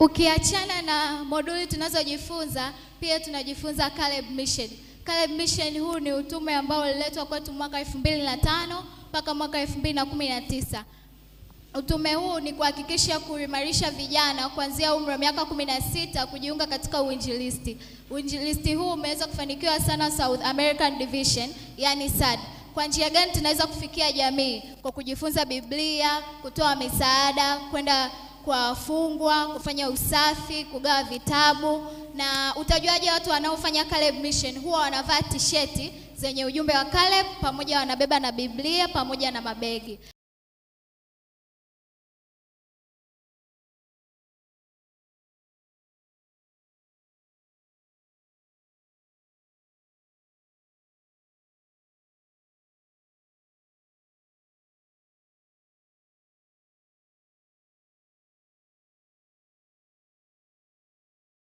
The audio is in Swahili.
Ukiachana na moduli tunazojifunza, pia tunajifunza Caleb Mission. Caleb Mission huu ni utume ambao uliletwa kwetu mwaka 2005 mpaka mwaka 2019. Utume huu ni kuhakikisha kuimarisha vijana kuanzia umri wa miaka 16 kujiunga katika uinjilisti. Uinjilisti huu umeweza kufanikiwa sana South American Division, yani SAD. Kwa njia gani tunaweza kufikia jamii? Kwa kujifunza Biblia, kutoa misaada, kwenda kwa wafungwa, kufanya usafi, kugawa vitabu. Na utajuaje watu wanaofanya Caleb Mission? Huwa wanavaa tisheti zenye ujumbe wa Caleb pamoja wanabeba na Biblia pamoja na mabegi.